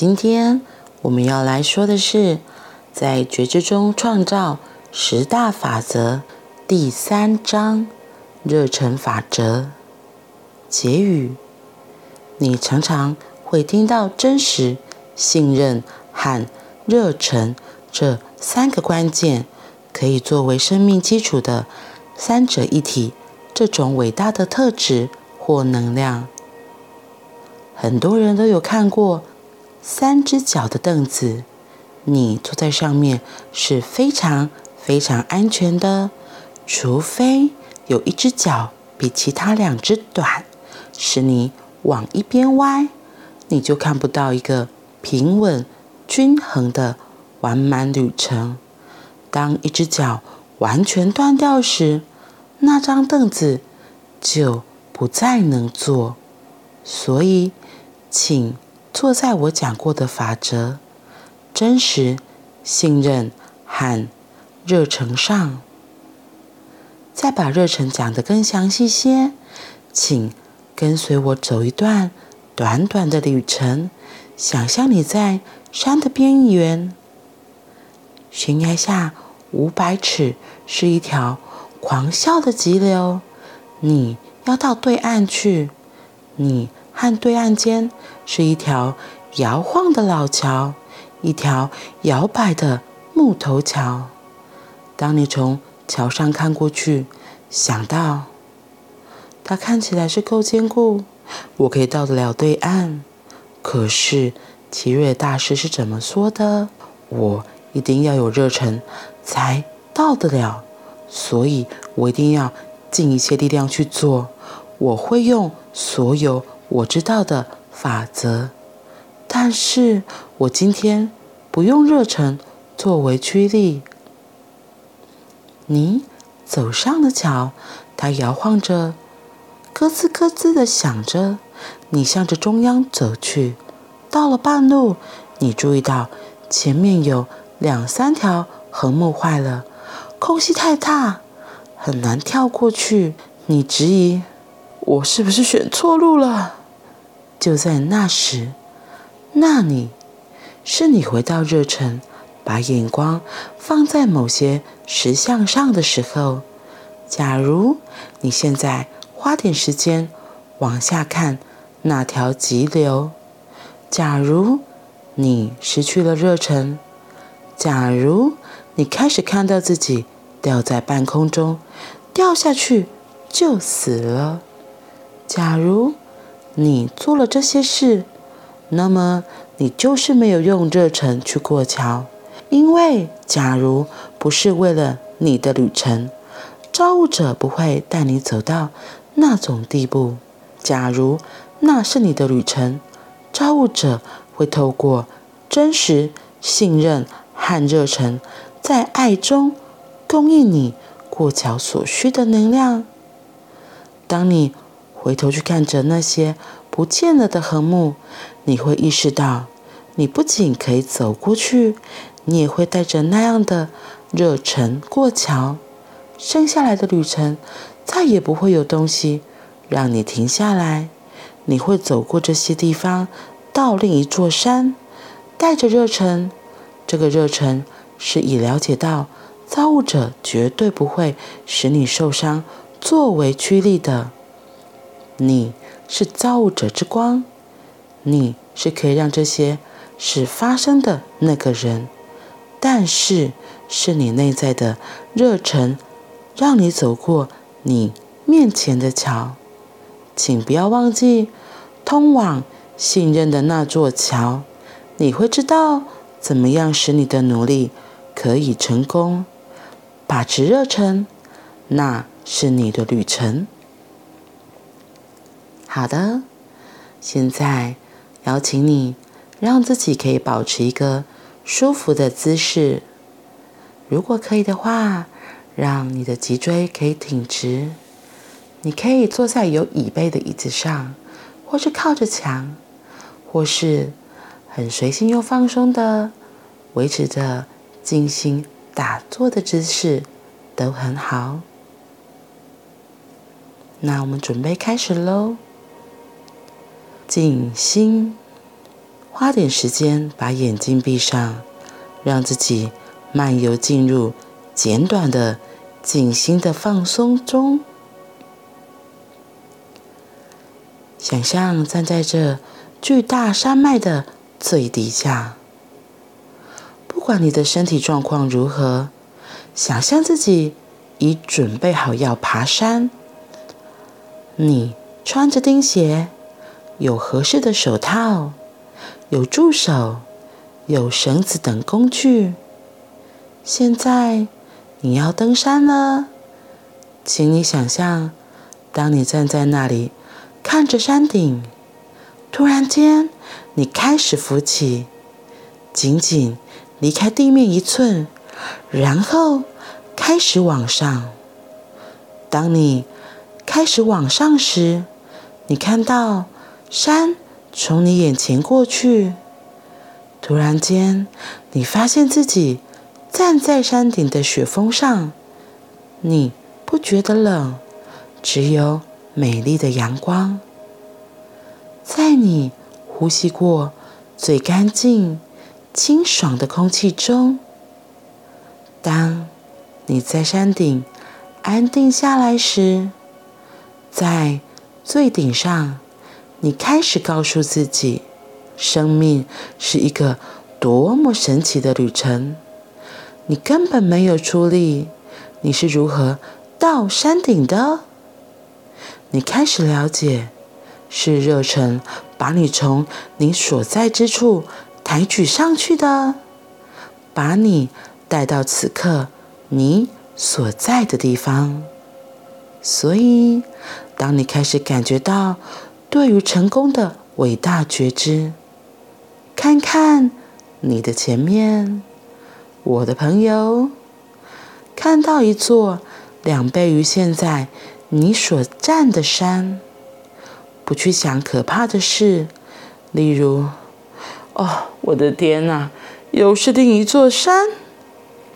今天我們要來說的是，在覺知中創造十大法則第三章：熱忱法則。結語：你常常會聽到“真實、信任和熱忱”這三個關鍵，可以作為生命基礎的三者一體。這種偉大的特質或能量，很多人都有看過。三只腳的凳子，你坐在上面是非常非常安全的，除非有一只腳比其他兩只短，使你往一邊歪，你就看不到一個平穩、均衡的完滿旅程。當一只腳完全斷掉時，那張凳子就不再能坐。所以，請。坐在我講過的法則、真實、信任和熱忱上，再把熱忱講得更詳細些，請跟隨我走一段短短的旅程。想象你在山的邊緣，懸崖下五百尺是一條狂笑的急流，你要到對岸去，你。和對岸間是一條搖晃的老橋，一條搖擺的木頭橋。當你從橋上看過去，想到它看起來是夠堅固，我可以到得了對岸。可是齊瑞大師是怎麼說的？我一定要有熱忱才到得了，所以我一定要盡一切力量去做。我會用所有。我知道的法則，但是我今天不用熱忱作為驅力。你走上了橋，它搖晃着，咯吱咯吱地響着。你向着中央走去，到了半路，你注意到前面有兩三條橫木壞了，空隙太大，很難跳過去。你質疑：我是不是選錯路了？就在那時，那裡，是你回到熱忱，把眼光放在某些石像上的時候。假如你現在花點時間往下看那條急流，假如你失去了熱忱，假如你開始看到自己掉在半空中，掉下去就死了，假如。你做了這些事，那麼你就是沒有用熱忱去過橋，因為假如不是為了你的旅程，造物者不會帶你走到那種地步。假如那是你的旅程，造物者會透過真實、信任和熱忱，在愛中供應你過橋所需的能量。當你。回頭去看着那些不見了的橫木，你會意識到，你不僅可以走過去，你也會帶着那樣的熱忱過橋。剩下來的旅程再也不會有東西讓你停下來。你會走過這些地方，到另一座山，帶着熱忱。這個熱忱是以了解到造物者絕對不會使你受傷作為驅力的。你是造物者之光，你是可以讓這些事發生的那個人，但是是你內在的熱忱讓你走過你面前的橋。請不要忘記通往信任的那座橋。你會知道怎麼樣使你的努力可以成功。把持熱忱，那是你的旅程。好的，現在邀請你讓自己可以保持一個舒服的姿勢。如果可以的話，讓你的脊椎可以挺直。你可以坐在有椅背的椅子上，或是靠着牆，或是很隨性又放鬆的維持着靜心打坐的姿勢，都很好。那我們準備開始嘍。靜心，花點時間把眼睛閉上，讓自己漫遊進入簡短的靜心的放鬆中。想象站在這巨大山脈的最底下，不管你的身體狀況如何，想象自己已準備好要爬山。你穿着釘鞋。有合適的手套，有助手，有繩子等工具。現在你要登山了，請你想象，當你站在那裡看着山頂，突然間你開始浮起，僅僅離開地面一寸，然後開始往上。當你開始往上時，你看到。山從你眼前過去，突然間，你發現自己站在山頂的雪峰上。你不覺得冷，只有美麗的陽光在你呼吸過最乾淨、清爽的空氣中。當你在山頂安定下來時，在最頂上。你開始告訴自己，生命是一個多麼神奇的旅程。你根本沒有出力，你是如何到山頂的？你開始了解，是熱忱把你從你所在之處抬舉上去的，把你帶到此刻你所在的地方。所以，當你開始感覺到。對於成功的偉大覺知，看看你的前面，我的朋友，看到一座兩倍於現在你所站的山，不去想可怕的事，例如，哦，我的天哪，又是另一座山。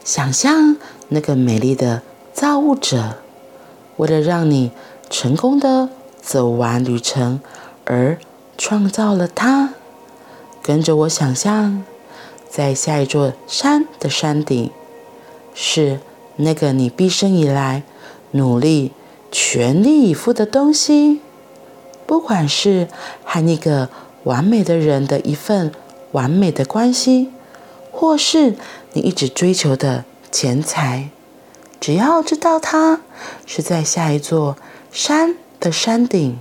想象那個美麗的造物者，為了讓你成功的。走完旅程而創造了它。跟着我想象，在下一座山的山頂，是那個你畢生以來努力全力以赴的東西。不管是和那個完美的人的一份完美的關係，或是你一直追求的錢財，只要知道它是在下一座山，的山頂，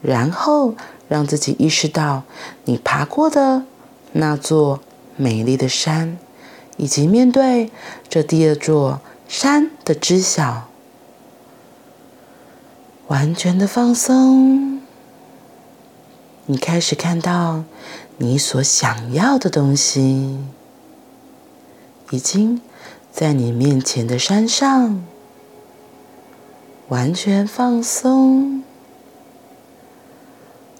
然後讓自己意識到你爬過的那座美麗的山，以及面對這第二座山的知曉。完全的放鬆，你開始看到你所想要的東西，已經在你面前的山上。完全放鬆，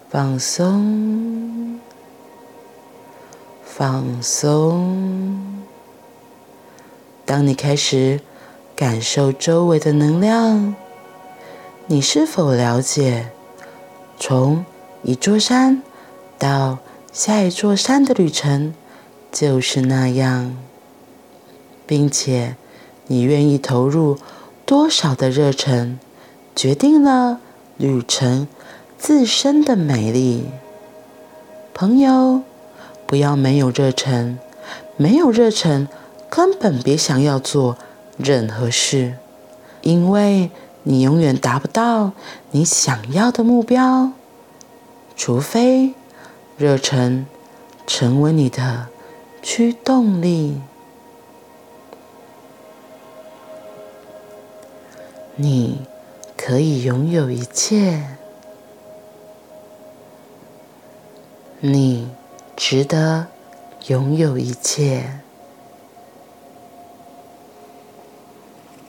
放鬆，放鬆。當你開始感受周圍的能量，你是否了解從一座山到下一座山的旅程就是那樣，並且你願意投入。多少的熱忱，決定了旅程自身的美麗。朋友，不要沒有熱忱，沒有熱忱，根本別想要做任何事，因為你永遠達不到你想要的目標，除非熱忱成為你的驅動力。你可以擁有一切，你值得擁有一切。